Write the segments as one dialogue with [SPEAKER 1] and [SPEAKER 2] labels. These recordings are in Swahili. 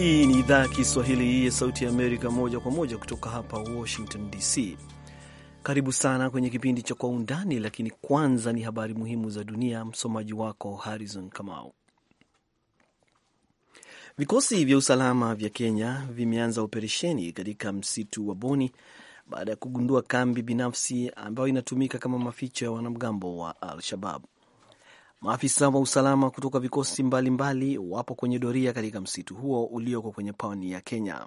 [SPEAKER 1] Hii ni idhaa ya Kiswahili ya Sauti ya Amerika, moja kwa moja kutoka hapa Washington DC. Karibu sana kwenye kipindi cha Kwa Undani, lakini kwanza ni habari muhimu za dunia. Msomaji wako Harrison Kamau. Vikosi vya usalama vya Kenya vimeanza operesheni katika msitu wa Boni baada ya kugundua kambi binafsi ambayo inatumika kama maficho ya wanamgambo wa Al Shabab. Maafisa wa usalama kutoka vikosi mbalimbali mbali wapo kwenye doria katika msitu huo ulioko kwenye pwani ya Kenya.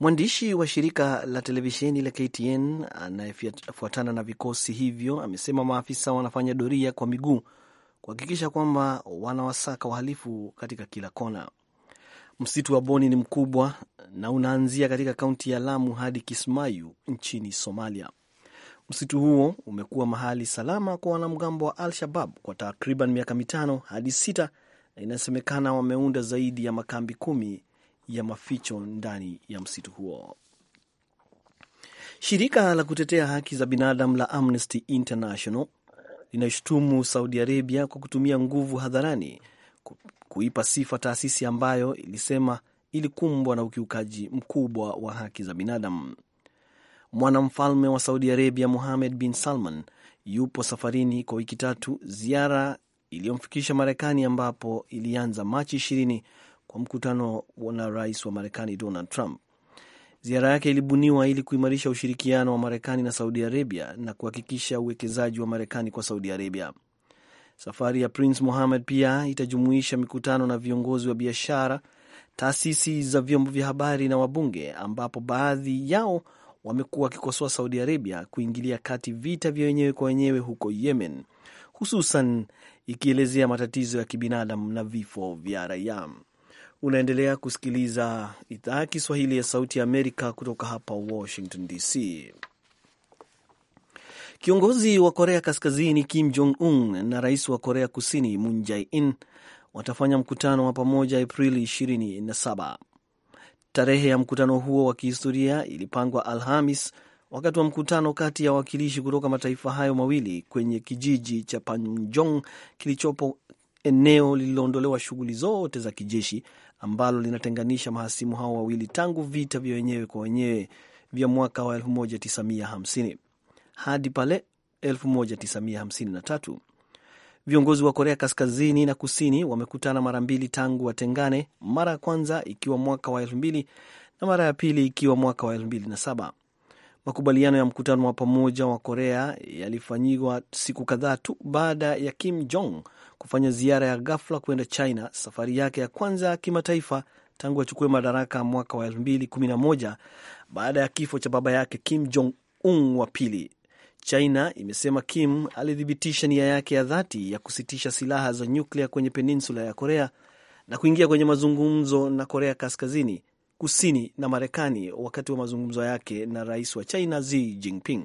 [SPEAKER 1] Mwandishi wa shirika la televisheni la KTN anayefuatana na vikosi hivyo amesema maafisa wanafanya doria kwa miguu kuhakikisha kwamba wanawasaka wahalifu katika kila kona. Msitu wa Boni ni mkubwa na unaanzia katika kaunti ya Lamu hadi Kismayu nchini Somalia. Msitu huo umekuwa mahali salama kwa wanamgambo wa Al-Shabab kwa takriban miaka mitano hadi sita na inasemekana wameunda zaidi ya makambi kumi ya maficho ndani ya msitu huo. Shirika la kutetea haki za binadamu la Amnesty International linashutumu Saudi Arabia kwa kutumia nguvu hadharani kuipa sifa taasisi ambayo ilisema ilikumbwa na ukiukaji mkubwa wa haki za binadamu. Mwanamfalme wa Saudi Arabia muhamed bin Salman yupo safarini kwa wiki tatu, ziara iliyomfikisha Marekani ambapo ilianza Machi ishirini kwa mkutano na rais wa Marekani Donald Trump. Ziara yake ilibuniwa ili kuimarisha ushirikiano wa Marekani na Saudi Arabia na kuhakikisha uwekezaji wa Marekani kwa Saudi Arabia. Safari ya Prince Mohammed pia itajumuisha mikutano na viongozi wa biashara, taasisi za vyombo vya habari na wabunge, ambapo baadhi yao wamekuwa wakikosoa Saudi Arabia kuingilia kati vita vya wenyewe kwa wenyewe huko Yemen, hususan ikielezea matatizo ya kibinadamu na vifo vya raia. Unaendelea kusikiliza idhaa ya Kiswahili ya Sauti ya Amerika kutoka hapa Washington DC. Kiongozi wa Korea Kaskazini Kim Jong Un na rais wa Korea Kusini Moon Jae In watafanya mkutano wa pamoja Aprili Tarehe ya mkutano huo wa kihistoria ilipangwa Alhamis wakati wa mkutano kati ya wawakilishi kutoka mataifa hayo mawili kwenye kijiji cha panjong kilichopo eneo lililoondolewa shughuli zote za kijeshi ambalo linatenganisha mahasimu hao wawili tangu vita vya wenyewe kwa wenyewe vya mwaka wa 1950 hadi pale 1953. Viongozi wa Korea Kaskazini na Kusini wamekutana mara mbili tangu watengane, mara ya kwanza ikiwa mwaka wa elfu mbili na mara ya pili ikiwa mwaka wa elfu mbili na saba. Makubaliano ya mkutano wa pamoja wa Korea yalifanyiwa siku kadhaa tu baada ya Kim Jong kufanya ziara ya ghafla kwenda China, safari yake ya kwanza ya kimataifa tangu achukue madaraka mwaka wa 211 baada ya kifo cha baba yake Kim Jong Un wa pili. China imesema Kim alithibitisha nia yake ya dhati ya kusitisha silaha za nyuklia kwenye peninsula ya Korea na kuingia kwenye mazungumzo na Korea Kaskazini, Kusini na Marekani wakati wa mazungumzo yake na rais wa China Xi Jinping.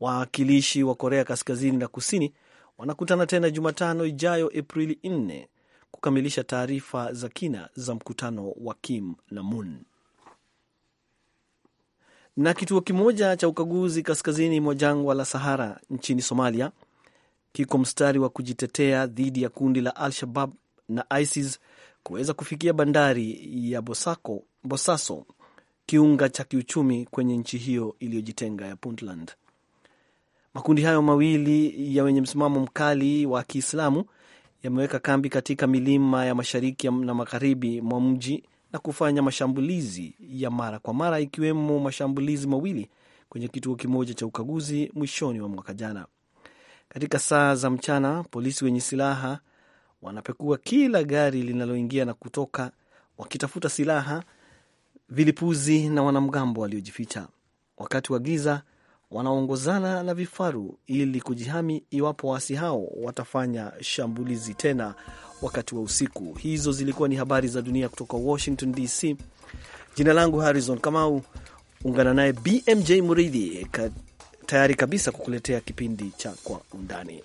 [SPEAKER 1] Wawakilishi wa Korea Kaskazini na Kusini wanakutana tena Jumatano ijayo Aprili 4 kukamilisha taarifa za kina za mkutano wa Kim na Moon na kituo kimoja cha ukaguzi kaskazini mwa jangwa la Sahara nchini Somalia kiko mstari wa kujitetea dhidi ya kundi la Al-Shabab na ISIS kuweza kufikia bandari ya Bosako, Bosaso, kiunga cha kiuchumi kwenye nchi hiyo iliyojitenga ya Puntland. Makundi hayo mawili ya wenye msimamo mkali wa Kiislamu yameweka kambi katika milima ya mashariki na magharibi mwa mji na kufanya mashambulizi ya mara kwa mara ikiwemo mashambulizi mawili kwenye kituo kimoja cha ukaguzi mwishoni wa mwaka jana. Katika saa za mchana, polisi wenye silaha wanapekua kila gari linaloingia na kutoka, wakitafuta silaha, vilipuzi na wanamgambo waliojificha. Wakati wa giza, wanaongozana na vifaru ili kujihami iwapo waasi hao watafanya shambulizi tena wakati wa usiku. Hizo zilikuwa ni habari za dunia kutoka Washington DC. Jina langu Harrison Kamau, ungana naye BMJ Muridhi tayari kabisa kukuletea kipindi cha Kwa Undani.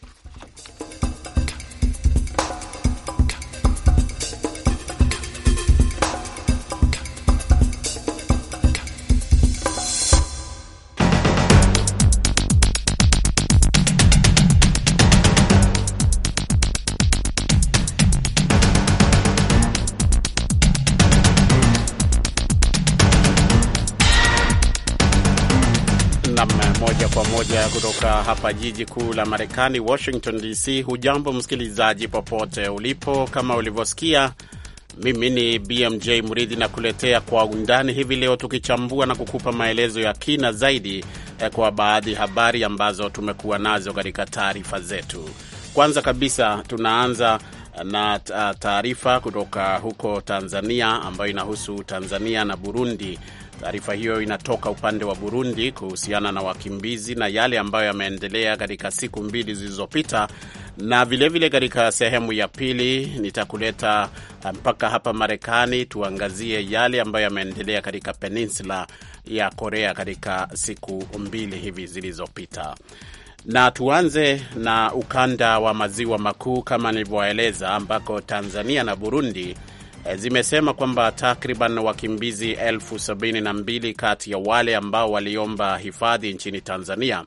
[SPEAKER 2] kutoka hapa jiji kuu la Marekani, Washington DC. Hujambo msikilizaji, popote ulipo. Kama ulivyosikia, mimi ni BMJ Mridhi na kuletea kwa undani hivi leo, tukichambua na kukupa maelezo ya kina zaidi eh, kwa baadhi ya habari ambazo tumekuwa nazo katika taarifa zetu. Kwanza kabisa tunaanza eh, na eh, taarifa kutoka huko Tanzania ambayo inahusu Tanzania na Burundi Taarifa hiyo inatoka upande wa Burundi kuhusiana na wakimbizi na yale ambayo yameendelea katika siku mbili zilizopita, na vilevile katika sehemu ya pili nitakuleta ah, mpaka hapa Marekani, tuangazie yale ambayo yameendelea katika peninsula ya Korea katika siku mbili hivi zilizopita na tuanze na ukanda wa maziwa makuu kama nilivyoeleza, ambako Tanzania na Burundi zimesema kwamba takriban wakimbizi elfu sabini na mbili kati ya wale ambao waliomba hifadhi nchini Tanzania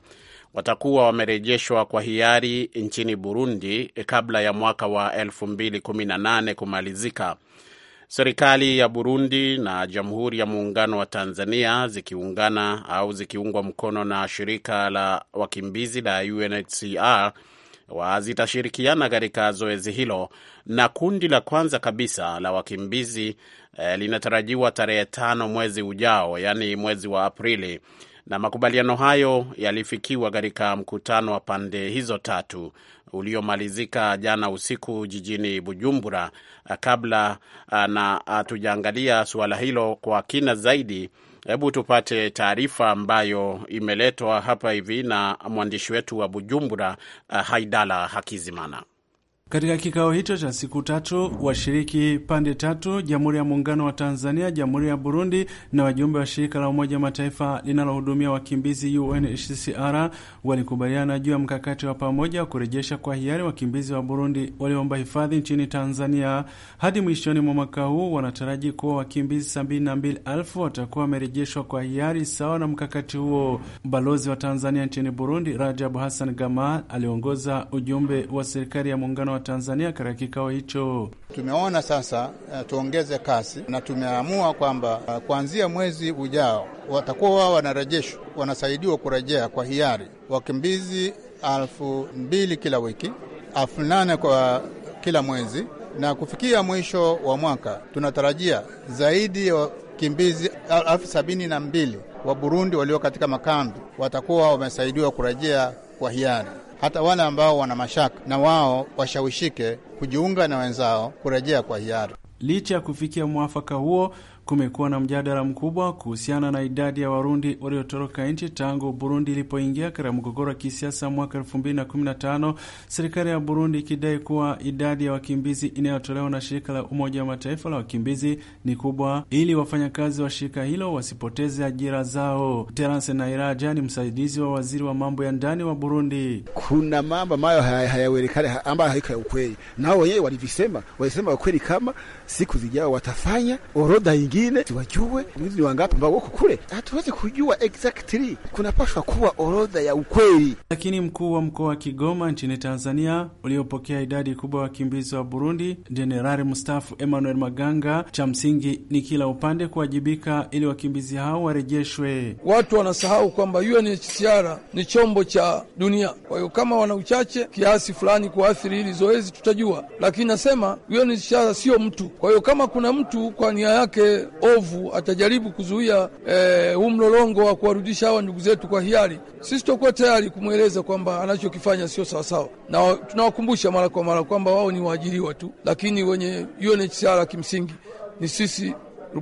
[SPEAKER 2] watakuwa wamerejeshwa kwa hiari nchini Burundi kabla ya mwaka wa 2018 kumalizika. Serikali ya Burundi na Jamhuri ya Muungano wa Tanzania zikiungana au zikiungwa mkono na shirika la wakimbizi la UNHCR zitashirikiana katika zoezi hilo, na kundi la kwanza kabisa la wakimbizi eh, linatarajiwa tarehe tano mwezi ujao, yaani mwezi wa Aprili, na makubaliano hayo yalifikiwa katika mkutano wa pande hizo tatu uliomalizika jana usiku jijini Bujumbura. Kabla eh, na hatujaangalia suala hilo kwa kina zaidi Hebu tupate taarifa ambayo imeletwa hapa hivi na mwandishi wetu wa Bujumbura, eh, Haidala Hakizimana.
[SPEAKER 3] Katika kikao hicho cha siku tatu, washiriki pande tatu, Jamhuri ya Muungano wa Tanzania, Jamhuri ya Burundi na wajumbe wa shirika la Umoja Mataifa linalohudumia wakimbizi UNHCR walikubaliana juu ya mkakati wa pamoja wa kurejesha kwa hiari wakimbizi wa Burundi walioomba hifadhi nchini Tanzania. Hadi mwishoni mwa mwaka huu wanataraji kuwa wakimbizi 72,000 watakuwa wamerejeshwa kwa hiari sawa na mkakati huo. Balozi wa Tanzania nchini Burundi Rajabu Hassan Gama aliongoza ujumbe wa serikali ya muungano wa Tanzania katika kikao hicho. Tumeona sasa
[SPEAKER 2] eh, tuongeze kasi na tumeamua kwamba eh, kuanzia mwezi ujao watakuwa wao wanarejeshwa, wanasaidiwa kurejea kwa hiari wakimbizi elfu mbili kila wiki, elfu nane kwa kila mwezi, na kufikia mwisho wa mwaka tunatarajia zaidi ya wakimbizi elfu sabini na mbili wa Burundi walio katika makambi watakuwa wamesaidiwa kurejea
[SPEAKER 3] kwa hiari hata wale ambao wana mashaka na wao washawishike kujiunga na wenzao kurejea kwa hiari. Licha ya kufikia mwafaka huo Kumekuwa na mjadala mkubwa kuhusiana na idadi ya Warundi waliotoroka nchi tangu Burundi ilipoingia katika mgogoro wa kisiasa mwaka 2015, serikali ya Burundi ikidai kuwa idadi ya wakimbizi inayotolewa na shirika la Umoja wa Mataifa la wakimbizi ni kubwa, ili wafanyakazi wa shirika hilo wasipoteze ajira zao. Terence Nairaja ni msaidizi wa waziri wa mambo ya ndani wa Burundi. Kuna mambo ambayo hayawerekani ambayo haiko ya ukweli, nao wenyewe walivisema,
[SPEAKER 2] walisema ukweli kama siku zijao watafanya orodha ingi wengine tuwajue mwizi wangapi ambao wako kule, hatuwezi kujua exactly. Kunapaswa kuwa orodha ya ukweli.
[SPEAKER 3] Lakini mkuu wa mkoa wa Kigoma nchini Tanzania uliopokea idadi kubwa ya wakimbizi wa Burundi, Jenerali mstaafu Emmanuel Maganga, cha msingi ni kila upande kuwajibika ili wakimbizi hao warejeshwe. Watu wanasahau kwamba UNHCR ni chombo cha dunia, kwa hiyo kama wana uchache kiasi fulani kuathiri hili zoezi tutajua, lakini nasema UNHCR sio mtu. Kwa hiyo kama kuna mtu kwa nia yake ovu, atajaribu kuzuia eh, huu mlolongo wa kuwarudisha hawa ndugu zetu kwa hiari, sisi tutakuwa tayari kumweleza kwamba anachokifanya sio sawasawa, na tunawakumbusha mara kwa mara kwamba wao ni waajiriwa tu, lakini wenye UNHCR kimsingi ni sisi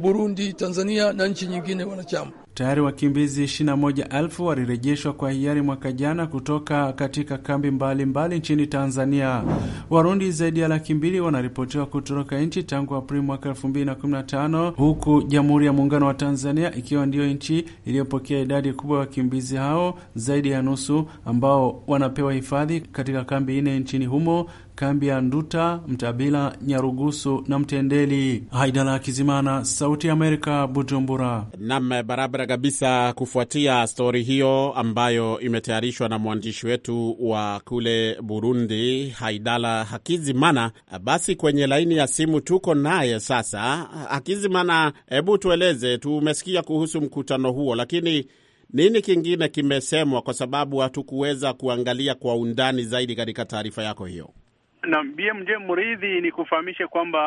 [SPEAKER 3] Burundi, Tanzania na nchi nyingine wanachama. Tayari wakimbizi 21,000 walirejeshwa kwa hiari mwaka jana kutoka katika kambi mbalimbali mbali nchini Tanzania. Warundi zaidi ya laki mbili wanaripotiwa kutoroka nchi tangu Aprili mwaka 2015 huku Jamhuri ya Muungano wa Tanzania ikiwa ndiyo nchi iliyopokea idadi kubwa ya wakimbizi hao, zaidi ya nusu ambao wanapewa hifadhi katika kambi nne nchini humo kambi ya Nduta, Mtabila, Nyarugusu na Mtendeli. Haidala Kizimana, Sauti ya Amerika, Bujumbura.
[SPEAKER 2] Nam, barabara kabisa. Kufuatia stori hiyo ambayo imetayarishwa na mwandishi wetu wa kule Burundi, Haidala Hakizimana, basi kwenye laini ya simu tuko naye sasa. Hakizimana, hebu tueleze, tumesikia kuhusu mkutano huo, lakini nini kingine kimesemwa? Kwa sababu hatukuweza kuangalia kwa undani zaidi katika taarifa yako hiyo.
[SPEAKER 4] Na BMJ Mridhi, ni kufahamisha kwamba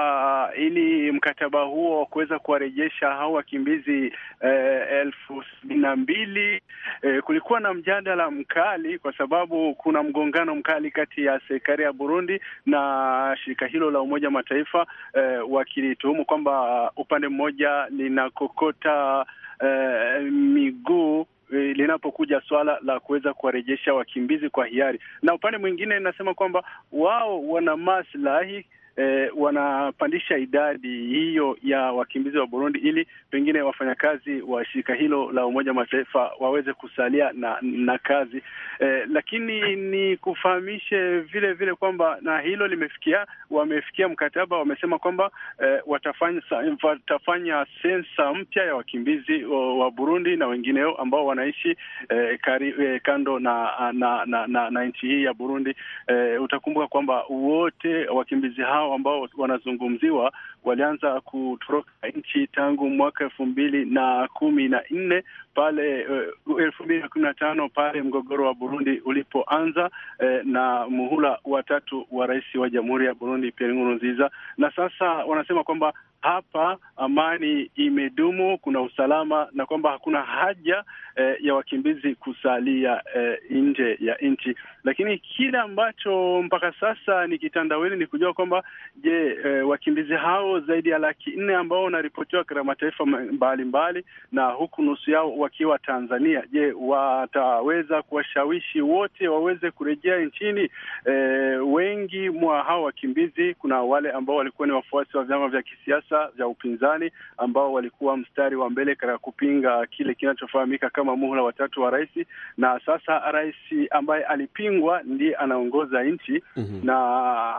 [SPEAKER 4] uh, ili mkataba huo wa kuweza kuwarejesha hao wakimbizi eh, elfu sabini na mbili eh, kulikuwa na mjadala mkali, kwa sababu kuna mgongano mkali kati ya serikali ya Burundi na shirika hilo la Umoja Mataifa eh, wakilituhumu kwamba upande mmoja linakokota eh, miguu Eh, linapokuja swala la kuweza kuwarejesha wakimbizi kwa hiari, na upande mwingine inasema kwamba wao wana maslahi eh, wanapandisha idadi hiyo ya wakimbizi wa Burundi ili pengine wafanyakazi wa shirika hilo la Umoja Mataifa waweze kusalia na, na kazi eh, lakini ni kufahamishe vile vile kwamba na hilo limefikia, wamefikia mkataba, wamesema kwamba eh, watafanya, watafanya sensa mpya ya wakimbizi wa Burundi na wengineo ambao wanaishi eh, kari, eh, kando na, na, na, na, na nchi hii ya Burundi. Eh, utakumbuka kwamba wote wakimbizi hao hao ambao wanazungumziwa walianza kutoroka nchi tangu mwaka elfu mbili na kumi na nne pale uh, elfu mbili na kumi na tano pale mgogoro wa Burundi ulipoanza eh, na muhula watatu wa rais wa jamhuri ya Burundi Pierre Nkurunziza, na sasa wanasema kwamba hapa amani imedumu, kuna usalama na kwamba hakuna haja eh, ya wakimbizi kusalia eh, nje ya nchi. Lakini kile ambacho mpaka sasa ni kitandawili ni kujua kwamba je, eh, wakimbizi hao zaidi ya laki nne ambao wanaripotiwa katika mataifa mbalimbali na huku nusu yao wakiwa Tanzania, je, wataweza kuwashawishi wote waweze kurejea nchini? Eh, wengi mwa hao wakimbizi kuna wale ambao walikuwa ni wafuasi wa vyama vya kisiasa siasa vya upinzani ambao walikuwa mstari wa mbele katika kupinga kile kinachofahamika kama muhula watatu wa rais, na sasa rais ambaye alipingwa ndiye anaongoza nchi mm -hmm. na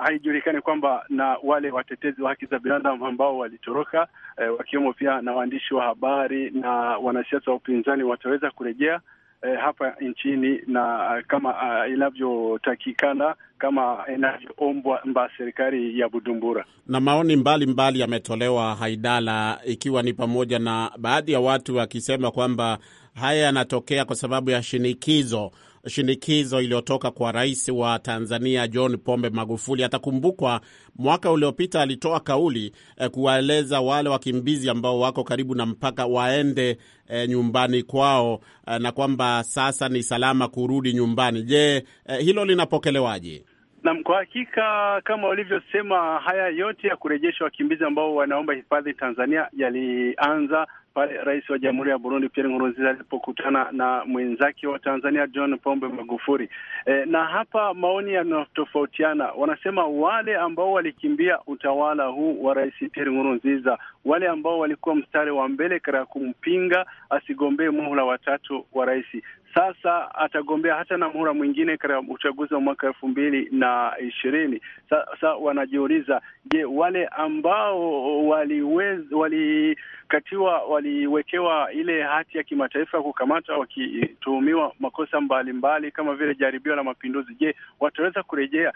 [SPEAKER 4] haijulikani kwamba na wale watetezi wa haki za binadamu ambao walitoroka eh, wakiwemo pia na waandishi wa habari na wanasiasa wa upinzani wataweza kurejea eh, hapa nchini na eh, kama uh, inavyotakikana kama inavyoombwa mba serikali ya Bujumbura.
[SPEAKER 2] Na maoni mbalimbali yametolewa Haidala, ikiwa ni pamoja na baadhi ya watu wakisema kwamba haya yanatokea kwa sababu ya shinikizo shinikizo iliyotoka kwa rais wa Tanzania John Pombe Magufuli. Atakumbukwa mwaka uliopita alitoa kauli eh, kuwaeleza wale wakimbizi ambao wako karibu na mpaka waende eh, nyumbani kwao eh, na kwamba sasa ni salama kurudi nyumbani. Je, eh, hilo linapokelewaje?
[SPEAKER 4] Nam, kwa hakika kama walivyosema, haya yote ya kurejesha wakimbizi ambao wanaomba hifadhi Tanzania yalianza pale rais wa jamhuri ya Burundi Pierre Nkurunziza alipokutana na mwenzake wa Tanzania John Pombe Magufuli. E, na hapa maoni yanatofautiana. Wanasema wale ambao walikimbia utawala huu wa rais Pierre Nkurunziza wale ambao walikuwa mstari wa mbele katika kumpinga asigombee muhula watatu wa rais. Sasa atagombea hata na muhula mwingine katika uchaguzi wa mwaka elfu mbili na ishirini. Sasa wanajiuliza, je, wale ambao waliwez, walikatiwa waliwekewa ile hati ya kimataifa ya kukamata wakituhumiwa makosa mbalimbali mbali, kama vile jaribio la mapinduzi, je wataweza kurejea?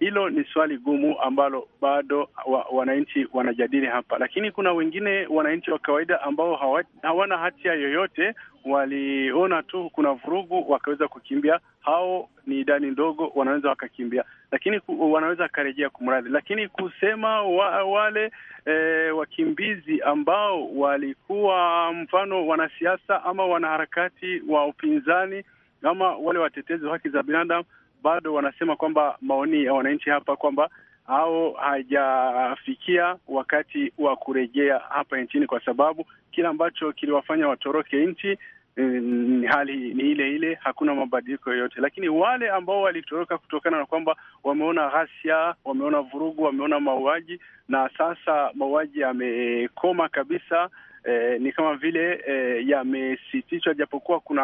[SPEAKER 4] hilo ni swali gumu ambalo bado wa, wananchi wanajadili hapa, lakini kuna wengine wananchi wa kawaida ambao hawa, hawana hatia yoyote, waliona tu kuna vurugu wakaweza kukimbia. Hao ni idadi ndogo, wanaweza wakakimbia, lakini wanaweza wakarejea kumradhi. Lakini kusema wa, wale e, wakimbizi ambao walikuwa mfano wanasiasa ama wanaharakati wa upinzani ama wale watetezi wa haki za binadamu bado wanasema kwamba maoni ya wananchi hapa kwamba au hajafikia wakati wa kurejea hapa nchini, kwa sababu kile ambacho kiliwafanya watoroke nchi Mm, hali ni ile ile, hakuna mabadiliko yoyote. Lakini wale ambao walitoroka kutokana na kwamba wameona ghasia, wameona vurugu, wameona mauaji, na sasa mauaji yamekoma kabisa, eh, ni kama vile eh, yamesitishwa, japokuwa kuna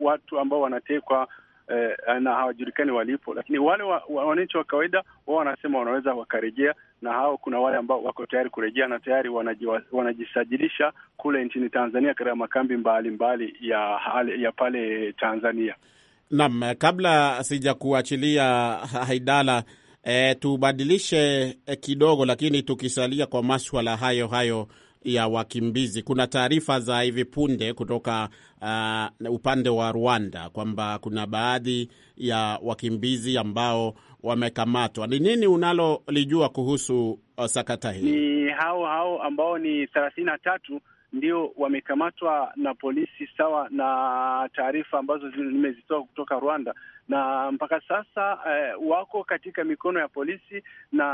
[SPEAKER 4] watu ambao wanatekwa eh, na hawajulikani walipo, lakini wale wananchi wa, wa kawaida wao wanasema wanaweza wakarejea, na hao kuna wale ambao wako tayari kurejea na tayari wanajiwa, wanajisajilisha kule nchini Tanzania katika makambi mbalimbali ya, ya pale Tanzania.
[SPEAKER 2] Naam, kabla sijakuachilia Haidala, eh, tubadilishe eh, kidogo, lakini tukisalia kwa maswala hayo hayo ya wakimbizi. Kuna taarifa za hivi punde kutoka uh, upande wa Rwanda kwamba kuna baadhi ya wakimbizi ambao wamekamatwa. Ni nini unalolijua kuhusu uh, sakata hii?
[SPEAKER 4] Ni hao hao ambao ni thelathini na tatu ndio wamekamatwa na polisi, sawa na taarifa ambazo nimezitoa kutoka Rwanda, na mpaka sasa eh, wako katika mikono ya polisi, na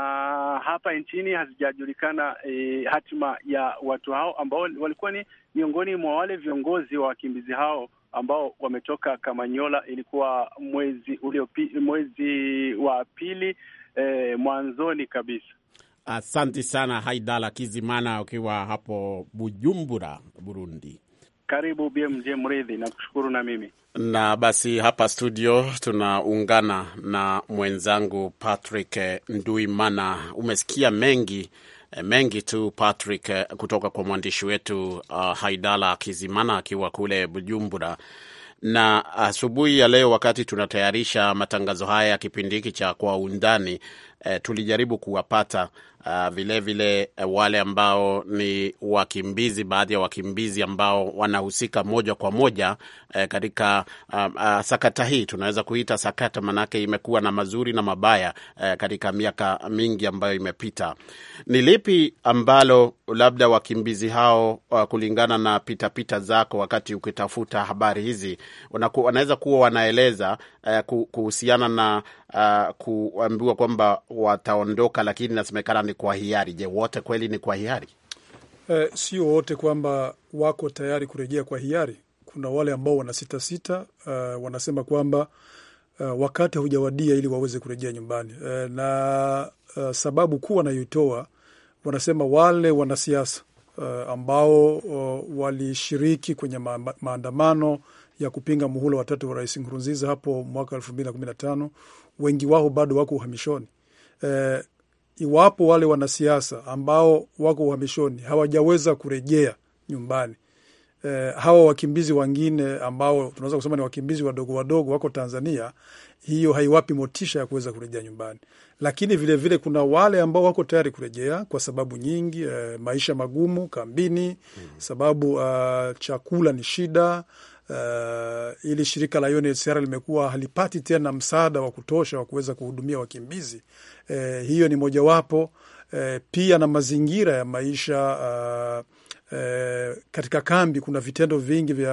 [SPEAKER 4] hapa nchini hazijajulikana eh, hatima ya watu hao ambao walikuwa ni miongoni mwa wale viongozi wa wakimbizi hao ambao wametoka Kamanyola. Ilikuwa mwezi uliopi, mwezi wa pili eh, mwanzoni kabisa.
[SPEAKER 2] Asanti sana Haidala Kizimana ukiwa hapo Bujumbura, Burundi.
[SPEAKER 4] Karibu BMJ Mridhi, nakushukuru na mimi
[SPEAKER 2] na basi, hapa studio tunaungana na mwenzangu Patrick Nduimana. Umesikia mengi eh, mengi tu Patrick, eh, kutoka kwa mwandishi wetu uh, Haidala Kizimana akiwa kule Bujumbura. Na asubuhi ya leo, wakati tunatayarisha matangazo haya ya kipindi hiki cha Kwa Undani, eh, tulijaribu kuwapata vilevile uh, ah, vile, eh, wale ambao ni wakimbizi, baadhi ya wakimbizi ambao wanahusika moja kwa moja eh, katika uh, uh, sakata hii. Tunaweza kuita sakata, manake imekuwa na mazuri na mabaya eh, katika miaka mingi ambayo imepita. Ni lipi ambalo labda wakimbizi hao uh, kulingana na pitapita -pita zako wakati ukitafuta habari hizi, wanaweza kuwa wanaeleza eh, kuhusiana na uh, kuambiwa kwamba wataondoka, lakini inasemekana ni kwa hiari. Je, wote kweli ni kwa hiari?
[SPEAKER 5] Eh, sio wote kwamba wako tayari kurejea kwa hiari. Kuna wale ambao wanasitasita, uh, eh, wanasema kwamba uh, wakati haujawadia ili waweze kurejea nyumbani uh, na uh, sababu kuu wanayoitoa wanasema wale wanasiasa uh, ambao uh, walishiriki kwenye ma maandamano ya kupinga muhula watatu wa Rais Nkurunziza hapo mwaka elfu mbili na kumi na tano wengi wao bado wako uhamishoni. E, iwapo wale wanasiasa ambao wako uhamishoni hawajaweza kurejea nyumbani e, hawa wakimbizi wengine ambao tunaweza kusema ni wakimbizi wadogo wadogo wako Tanzania, hiyo haiwapi motisha ya kuweza kurejea nyumbani. Lakini vilevile vile kuna wale ambao wako tayari kurejea kwa sababu nyingi, e, maisha magumu kambini, hmm. sababu uh, chakula ni shida uh, ili shirika la UNHCR limekuwa halipati tena msaada wa kutosha wa kuweza kuhudumia wakimbizi. Uh, hiyo ni mojawapo uh, pia na mazingira ya maisha uh, E, katika kambi kuna vitendo vingi vya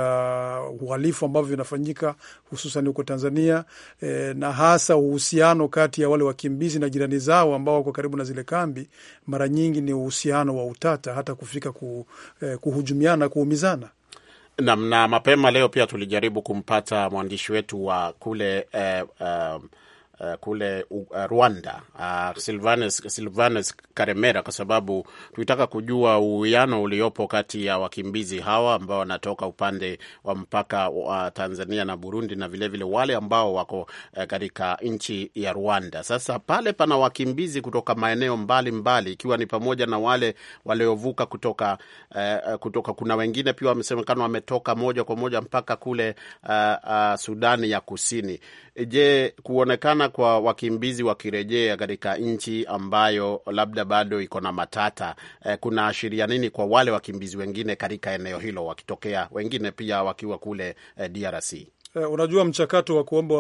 [SPEAKER 5] uhalifu ambavyo vinafanyika hususan huko Tanzania e, na hasa uhusiano kati ya wale wakimbizi na jirani zao ambao wako karibu na zile kambi, mara nyingi ni uhusiano wa utata, hata kufika ku, uh, kuhujumiana, kuumizana.
[SPEAKER 2] Nam na mapema leo pia tulijaribu kumpata mwandishi wetu wa kule eh, um, Eh, kule uh, Rwanda uh, ah, Silvanus, Silvanus Karemera, kwa sababu tulitaka kujua uwiano uliopo kati ya wakimbizi hawa ambao wanatoka upande wa mpaka wa Tanzania na Burundi na vilevile vile wale ambao wako uh, katika nchi ya Rwanda. Sasa pale pana wakimbizi kutoka maeneo mbalimbali mbali, ikiwa ni pamoja na wale waliovuka kutoka uh, kutoka kuna wengine pia wamesemekana wametoka moja kwa moja mpaka kule uh, uh, Sudani ya Kusini. Je, kuonekana kwa wakimbizi wakirejea katika nchi ambayo labda bado iko na matata eh, ashiria nini kwa wale wakimbizi wengine katika eneo hilo wakitokea wengine pia wakiwa kule eh, DRC?
[SPEAKER 5] Eh, unajua mchakato wa kuomba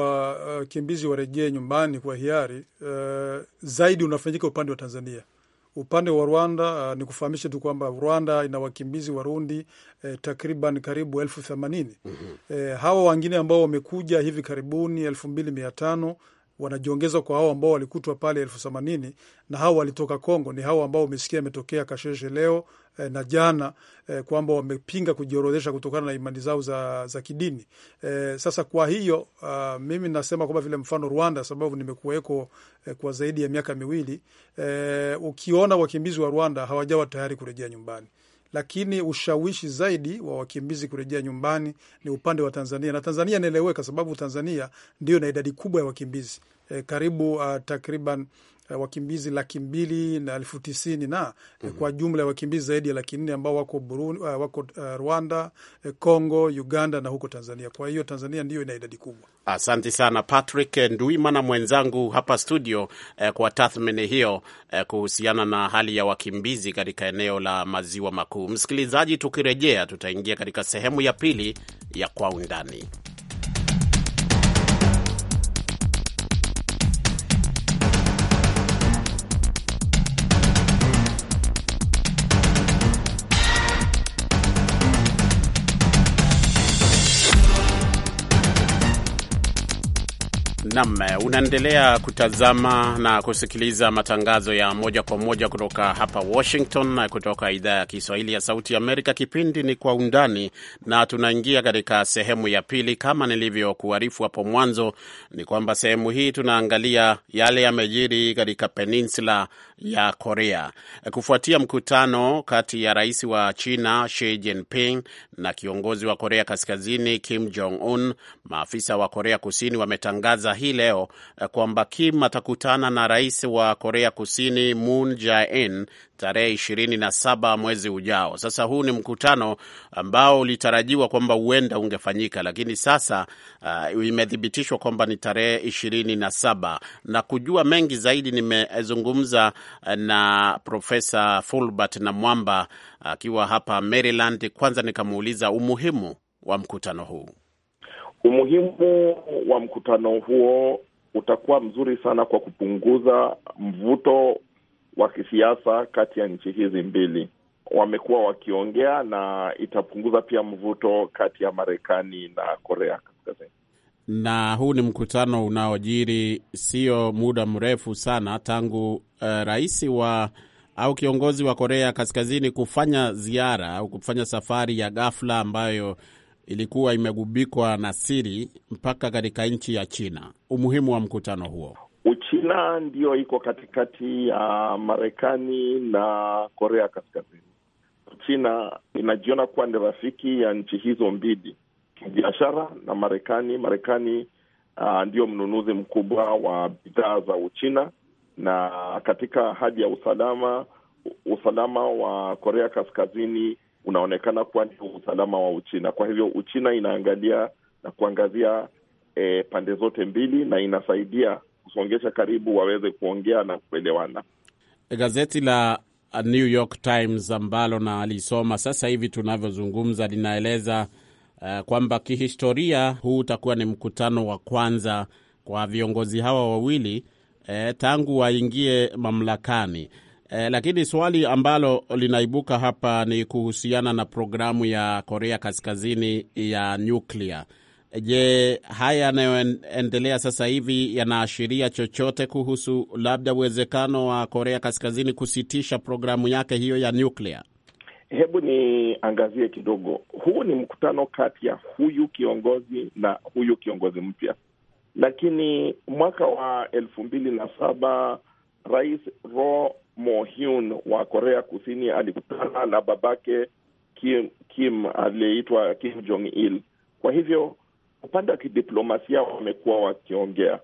[SPEAKER 5] eh, wakimbizi uh, warejee nyumbani kwa hiari uh, zaidi unafanyika upande wa Tanzania. Upande wa Rwanda uh, kufahamisha tu kwamba Rwanda ina wakimbizi Warundi eh, takriban karibu elfu themanini mm -hmm. eh, hawa wengine ambao wamekuja hivi karibuni elfu mbili mia tano wanajiongeza kwa hao ambao walikutwa pale elfu themanini na hao walitoka Kongo. Ni hao ambao umesikia ametokea Kasheshe leo eh, na jana eh, kwamba wamepinga kujiorodhesha kutokana na imani zao za, za kidini eh. Sasa kwa hiyo uh, mimi nasema kwamba vile mfano Rwanda, sababu nimekuweko eh, kwa zaidi ya miaka miwili eh, ukiona wakimbizi wa Rwanda hawajawa tayari kurejea nyumbani lakini ushawishi zaidi wa wakimbizi kurejea nyumbani ni upande wa Tanzania, na Tanzania inaeleweka, sababu Tanzania ndio na idadi kubwa ya wakimbizi e, karibu uh, takriban Eh, wakimbizi laki mbili na elfu tisini na mm -hmm. kwa jumla ya wakimbizi zaidi ya laki nne ambao wako Burundi, eh, wako Rwanda, Congo, Uganda na huko Tanzania. Kwa hiyo Tanzania ndiyo ina idadi kubwa.
[SPEAKER 2] Asante sana Patrick Ndwima na mwenzangu hapa studio eh, kwa tathmini hiyo eh, kuhusiana na hali ya wakimbizi katika eneo la maziwa makuu. Msikilizaji, tukirejea tutaingia katika sehemu ya pili ya kwa undani. Nam, unaendelea kutazama na kusikiliza matangazo ya moja kwa moja kutoka hapa Washington, kutoka idhaa ya Kiswahili ya Sauti Amerika. Kipindi ni Kwa Undani na tunaingia katika sehemu ya pili. Kama nilivyokuarifu hapo mwanzo, ni kwamba sehemu hii tunaangalia yale yamejiri katika peninsula ya Korea kufuatia mkutano kati ya rais wa China Xi Jinping na kiongozi wa Korea Kaskazini Kim Jong Un. Maafisa wa Korea Kusini wametangaza hii leo eh, kwamba Kim atakutana na rais wa Korea Kusini Moon Jae-in tarehe ishirini na saba mwezi ujao. Sasa huu ni mkutano ambao ulitarajiwa kwamba huenda ungefanyika, lakini sasa uh, imethibitishwa kwamba ni tarehe ishirini na saba. Na kujua mengi zaidi nimezungumza uh, na Profesa Fulbert na Mwamba akiwa uh, hapa Maryland. Kwanza nikamuuliza umuhimu wa mkutano huu.
[SPEAKER 6] Umuhimu wa mkutano huo utakuwa mzuri sana kwa kupunguza mvuto wa kisiasa kati ya nchi hizi mbili wamekuwa wakiongea na itapunguza pia mvuto kati ya Marekani na Korea Kaskazini.
[SPEAKER 2] Na huu ni mkutano unaojiri sio muda mrefu sana tangu uh, rais wa au kiongozi wa Korea Kaskazini kufanya ziara au kufanya safari ya ghafla ambayo ilikuwa imegubikwa na siri mpaka katika nchi ya China. Umuhimu wa mkutano huo
[SPEAKER 6] Uchina ndiyo iko katikati ya uh, Marekani na Korea Kaskazini. uchina inajiona kuwa ni rafiki ya nchi hizo mbili kibiashara na Marekani. Marekani uh, ah, ndiyo mnunuzi mkubwa wa bidhaa za Uchina, na katika hali ya usalama, usalama wa Korea Kaskazini unaonekana kuwa ndio usalama wa Uchina. Kwa hivyo Uchina inaangalia na kuangazia eh, pande zote mbili na inasaidia kusongesha karibu, waweze kuongea na kuelewana.
[SPEAKER 2] Gazeti la New York Times ambalo nalisoma sasa hivi tunavyozungumza linaeleza uh, kwamba kihistoria huu utakuwa ni mkutano wa kwanza kwa viongozi hawa wawili eh, tangu waingie mamlakani. Eh, lakini swali ambalo linaibuka hapa ni kuhusiana na programu ya Korea Kaskazini ya nyuklia. Je, haya yanayoendelea sasa hivi yanaashiria chochote kuhusu labda uwezekano wa Korea Kaskazini kusitisha programu yake hiyo ya nyuklia?
[SPEAKER 6] Hebu niangazie kidogo. Huu ni mkutano kati ya huyu kiongozi na huyu kiongozi mpya, lakini mwaka wa elfu mbili na saba Rais Ro moo wa Korea Kusini alikutana na babake Kim, Kim aliyeitwa Kim Jong Il. Kwa hivyo upande wa kidiplomasia wamekuwa wakiongea.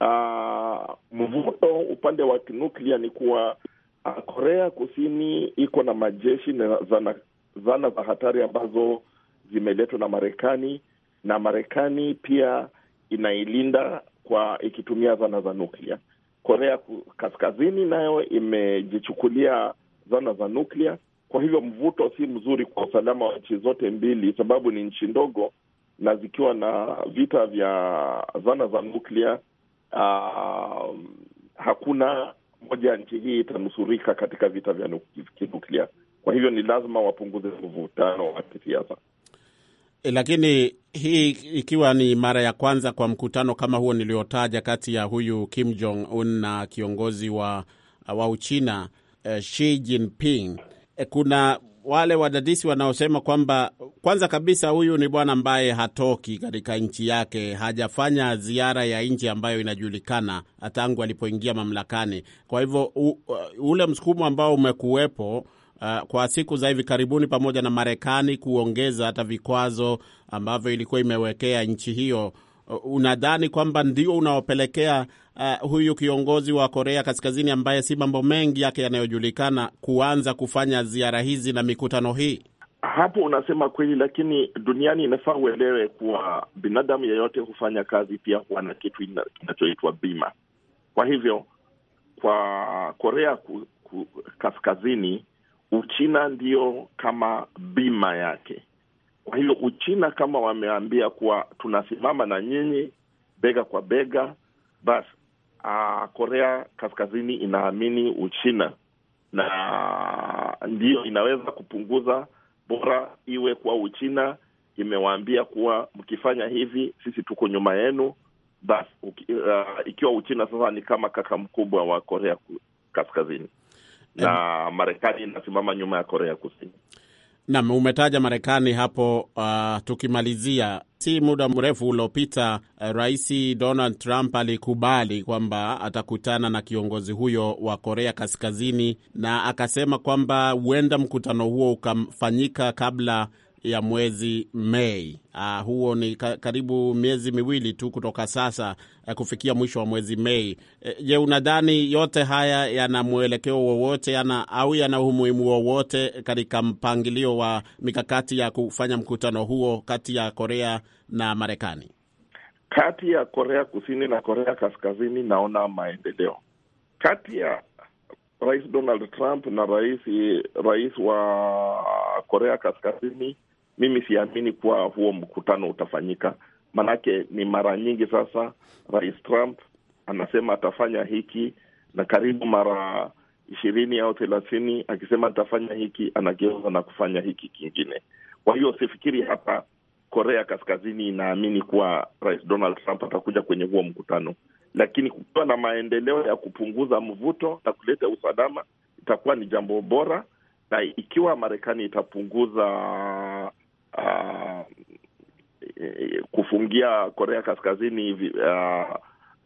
[SPEAKER 6] Uh, mvuto upande wa kinuklia ni kuwa uh, Korea Kusini iko na majeshi na zana, zana za hatari ambazo zimeletwa na Marekani na Marekani pia inailinda kwa ikitumia zana za nuklia. Korea Kaskazini nayo imejichukulia zana za nuklia. Kwa hivyo mvuto si mzuri kwa usalama wa nchi zote mbili, sababu ni nchi ndogo na zikiwa na vita vya zana za nuklia uh, hakuna moja ya nchi hii itanusurika katika vita vya kinuklia. Kwa hivyo ni lazima wapunguze mvutano wa kisiasa.
[SPEAKER 2] E, lakini hii ikiwa ni mara ya kwanza kwa mkutano kama huo niliotaja kati ya huyu Kim Jong Un na kiongozi wa, wa Uchina eh, Xi Jinping eh, kuna wale wadadisi wanaosema kwamba kwanza kabisa huyu ni bwana ambaye hatoki katika nchi yake, hajafanya ziara ya nchi ambayo inajulikana tangu alipoingia mamlakani. Kwa hivyo ule msukumo ambao umekuwepo Uh, kwa siku za hivi karibuni pamoja na Marekani kuongeza hata vikwazo ambavyo ilikuwa imewekea nchi hiyo, uh, unadhani kwamba ndio unaopelekea uh, huyu kiongozi wa Korea Kaskazini ambaye si mambo mengi yake yanayojulikana kuanza kufanya ziara hizi na mikutano hii?
[SPEAKER 6] hapo unasema kweli, lakini duniani inafaa uelewe kuwa binadamu yeyote hufanya kazi pia huwa na kitu kinachoitwa bima. Kwa hivyo kwa Korea ku, ku, Kaskazini, Uchina ndiyo kama bima yake. Kwa hivyo Uchina kama wameambia kuwa tunasimama na nyinyi bega kwa bega, basi Korea Kaskazini inaamini Uchina na ndiyo inaweza kupunguza bora iwe kwa Uchina imewaambia kuwa mkifanya hivi sisi tuko nyuma yenu. Basi uh, ikiwa Uchina sasa ni kama kaka mkubwa wa Korea Kaskazini na Marekani inasimama nyuma ya Korea Kusini.
[SPEAKER 2] nam umetaja Marekani hapo. Uh, tukimalizia Si muda mrefu uliopita eh, Rais Donald Trump alikubali kwamba atakutana na kiongozi huyo wa Korea Kaskazini, na akasema kwamba huenda mkutano huo ukafanyika kabla ya mwezi Mei. Uh, huo ni ka, karibu miezi miwili tu kutoka sasa uh, kufikia mwisho wa mwezi Mei. Uh, je, unadhani yote haya yana mwelekeo wowote yana, au yana umuhimu wowote katika mpangilio wa mikakati ya kufanya mkutano huo kati ya Korea na Marekani?
[SPEAKER 6] Kati ya Korea Kusini na Korea Kaskazini naona maendeleo kati ya Rais Donald Trump na rais eh, rais wa Korea Kaskazini mimi siamini kuwa huo mkutano utafanyika, maanake ni mara nyingi sasa Rais Trump anasema atafanya hiki na karibu mara ishirini au thelathini akisema atafanya hiki, anageuza na kufanya hiki kingine. Kwa hiyo sifikiri hapa Korea Kaskazini inaamini kuwa Rais Donald Trump atakuja kwenye huo mkutano, lakini kukiwa na maendeleo ya kupunguza mvuto na kuleta usalama itakuwa ni jambo bora, na ikiwa Marekani itapunguza uh, kufungia Korea Kaskazini uh,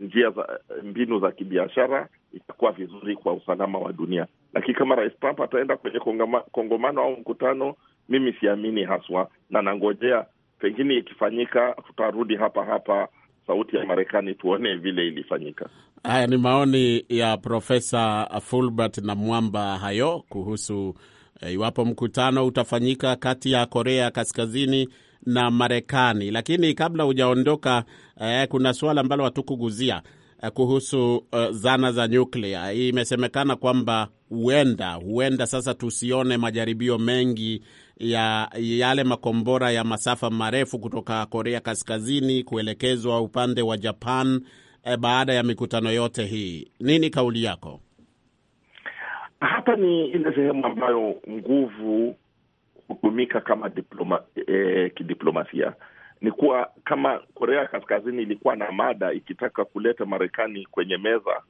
[SPEAKER 6] njia za mbinu za kibiashara itakuwa vizuri kwa usalama wa dunia. Lakini kama Rais Trump ataenda kwenye kongama, kongomano au mkutano, mimi siamini haswa, na nangojea pengine ikifanyika, tutarudi hapa hapa Sauti ya Marekani tuone vile ilifanyika.
[SPEAKER 2] Haya ni maoni ya Profesa Fulbert na Mwamba hayo kuhusu Eh, iwapo mkutano utafanyika kati ya Korea Kaskazini na Marekani. Lakini kabla hujaondoka, eh, kuna suala ambalo hatukuguzia eh, kuhusu eh, zana za nyuklia. Imesemekana kwamba huenda huenda sasa tusione majaribio mengi ya yale makombora ya masafa marefu kutoka Korea Kaskazini kuelekezwa upande wa Japan eh, baada ya mikutano yote hii. Nini kauli yako?
[SPEAKER 6] hapa ni ile sehemu ambayo nguvu hutumika kama diploma, eh, kidiplomasia. Ni kuwa kama Korea Kaskazini ilikuwa na mada ikitaka kuleta Marekani kwenye meza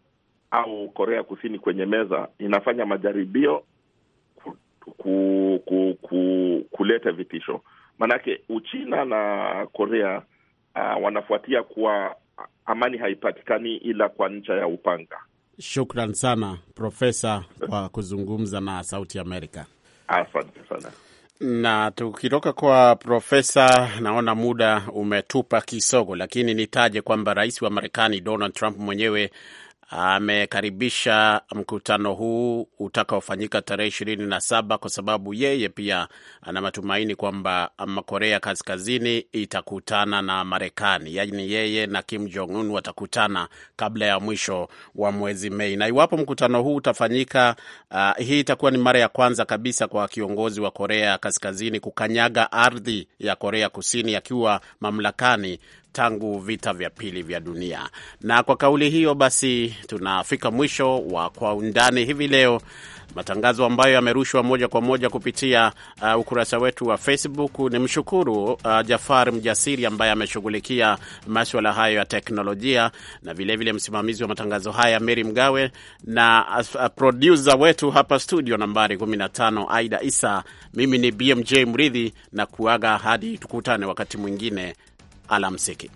[SPEAKER 6] au Korea Kusini kwenye meza, inafanya majaribio ku, ku, ku, ku, kuleta vitisho. Maanake Uchina na Korea uh, wanafuatia kuwa amani haipatikani ila kwa ncha ya upanga
[SPEAKER 2] Shukran sana Profesa kwa kuzungumza na Sauti Amerika. Asante sana. Na tukitoka kwa profesa, naona muda umetupa kisogo, lakini nitaje kwamba rais wa Marekani Donald Trump mwenyewe amekaribisha mkutano huu utakaofanyika tarehe ishirini na saba kwa sababu yeye pia ana matumaini kwamba Korea Kaskazini itakutana na Marekani, yaani yeye na Kim Jong Un watakutana kabla ya mwisho wa mwezi Mei. Na iwapo mkutano huu utafanyika, uh, hii itakuwa ni mara ya kwanza kabisa kwa kiongozi wa Korea Kaskazini kukanyaga ardhi ya Korea Kusini akiwa mamlakani tangu vita vya pili vya dunia. Na kwa kauli hiyo basi, tunafika mwisho wa Kwa Undani hivi leo, matangazo ambayo yamerushwa moja kwa moja kupitia uh, ukurasa wetu wa Facebook. Ni mshukuru uh, Jafar Mjasiri ambaye ameshughulikia maswala hayo ya teknolojia, na vilevile vile msimamizi wa matangazo haya Mary Mgawe, na uh, produsa wetu hapa studio nambari 15 Aida Isa. Mimi ni BMJ Mridhi na kuaga hadi tukutane wakati mwingine alamsiki.